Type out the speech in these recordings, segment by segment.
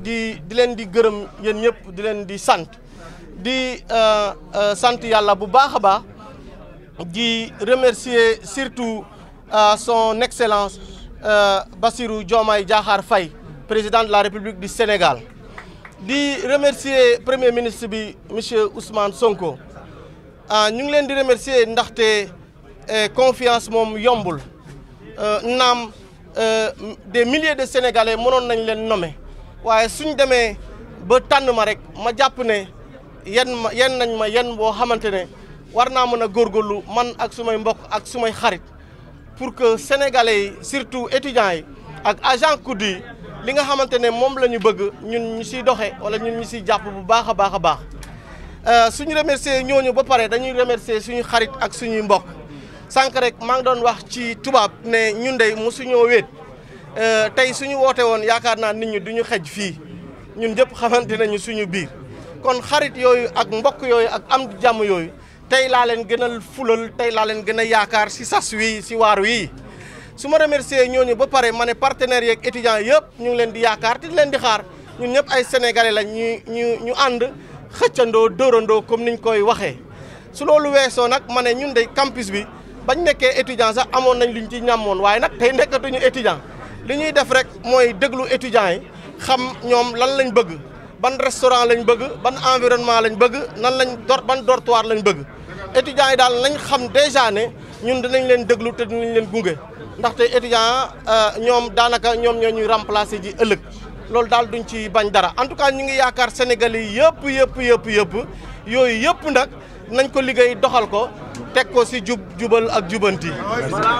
di di leen di gërëm ñëpp euh, euh, di remercier surtout euh, son excellence Bassirou Diomaye Diakhar Faye président de la République du Sénégal di remercier premier ministre bi monsieur Ousmane Sonko ñu ngi di remercier ndaxte confiance mom yombul nam des milliers de Sénégalais mënon nañ len nommer waaye suñ demee ba tànn ma rek ma jàpp ne yen ma yen nañ ma yen boo xamante ne war naa mën a góorlu man ak sumay mbokk ak sumay xarit pour que sénégalais yi surtout étudiants yi ak agent COUD yi li nga xamante ne moom la ñu bëgg ñun ñu siy doxee wala ñun ñu siy jàpp bu baax a baax a baax euh, suñu remercier ñooñu ba pare dañuy remercier suñu xarit ak suñuy mbok sànq rek maa ngi doon wax ci tubaab ne ñun dey mosuñoo wéet Eh, tay suñu woote woon yakarna naa nit ñi duñu xej fii ñun ñëpp xamante nañu suñu biir kon xarit yooyu ak mbokk yooyu ak am jam yooyu tay laa leen gën a fulal tay laa leen gën a yaakaar si sas wi si waar wi su ma remercier ñooñu ba pare ma ne partenaires yeeg étudiants yëpp ñu ngi leen di yaakaar te leen di xaar ñun ñëpp ay sénégalais lañ ñu ñu ñu ànd xëccandoo dóorandoo comme niñ koy waxee su loolu weesoo nag ma ne ñun de campus bi bañ nekkee étudiant sax amoon nañ luñ ci ñàmmoon waaye nag tey nekkatuñu étudiant li ñuy def rek mooy déglu étudiants yi xam ñoom lan lañ bëgg ban restaurant lañ bëgg ban environnement lañ bëgg nan lañ dor ban dortoir lañ bëgg étudiants yi daal nañ xam déjà ne ñun dinañ leen déglu te dinañ leen gunge ndaxte étudiants euh, ñoom daanaka ñoom ñoo ñuy remplacer ji ëllëg loolu daal duñ ci bañ dara en tout cas ñu ngi yaakaar sénégalais yëpp yëpp yëpp yëpp yooyu yëpp nag nañ ko liggéey doxal ko teg ko si jub jubal ak jubanti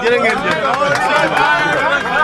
jërë ngeen jëf